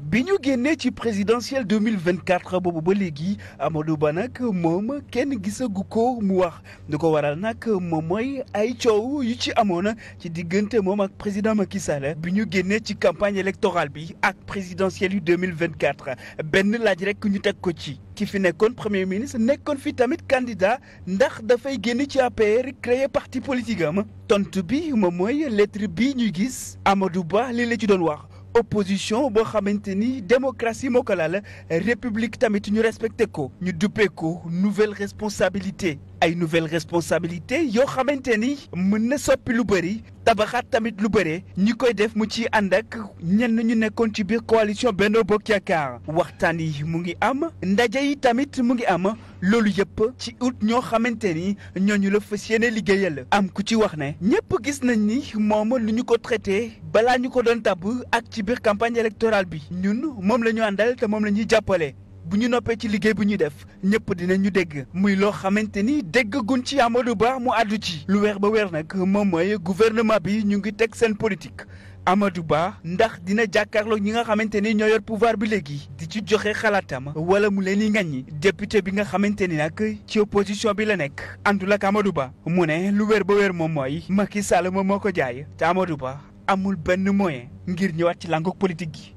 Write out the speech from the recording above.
bi ñu génnee ci présidentielle 2024 boobu ba léegi Amadou Ba nag moom kenn gisagu ko mu wax lu ko waral nag moom mooy ay coow yu ci amoon ci diggante moom ak président Macky Sall bi ñu génnee ci campagne électorale bi ak présidentielle yu 2024 benn laaj rek ñu teg ko ci ki fi nekkoon premier ministre nekkoon fi tamit candidat ndax dafay génn ci APR créer parti politique am tontu bi moom mooy lettre bi ñuy gis Amadou Ba lii la ci doon wax opposition boo xamante ni démocratie moo ko laal république tamit ñu respecté ko ñu duppee ko nouvelle responsabilité ay nouvelles responsabilités yoo xamante ni mën na soppi lu bëri tabaxaat tamit lu bëre ñu koy def mu ci ànd ak ñenn ñu nekkoon ci biir coalition Benno Bokk Yaakaar waxtaan yi mu ngi am ndaje yi tamit mu ngi am loolu yëpp ci ut ñoo xamante ni ñooñu la fas yéene liggéeyal am ku ci wax ne ñëpp gis nañ ni moom lu ñu ko traité balaa ñu ko doon tabb ak ci biir campagne électorale bi ñun moom la ñu àndal te moom la ñuy jàppale bu ñu noppee ci liggéey bu ñuy def ñëpp dinañu dégg muy loo xamante ni déggaguñ ci Amadou Ba mu àddu ci lu weer ba weer nag moom mooy gouvernement bi ñu ngi teg seen politique Amadou Ba ndax dina jàkkaarloo ñi nga xamante ni ñoo yor pouvoir bi léegi di ci joxe xalaatam wala mu leen nga ñi député bi nga xamante ni nag ci opposition bi la nekk àndul ak Amadou Ba mu ne lu wér ba weer moom mooy Macky Sall moom moo ko jaay te Amadou Ba amul benn moyen ngir ñëwaat ci làngu politique gi.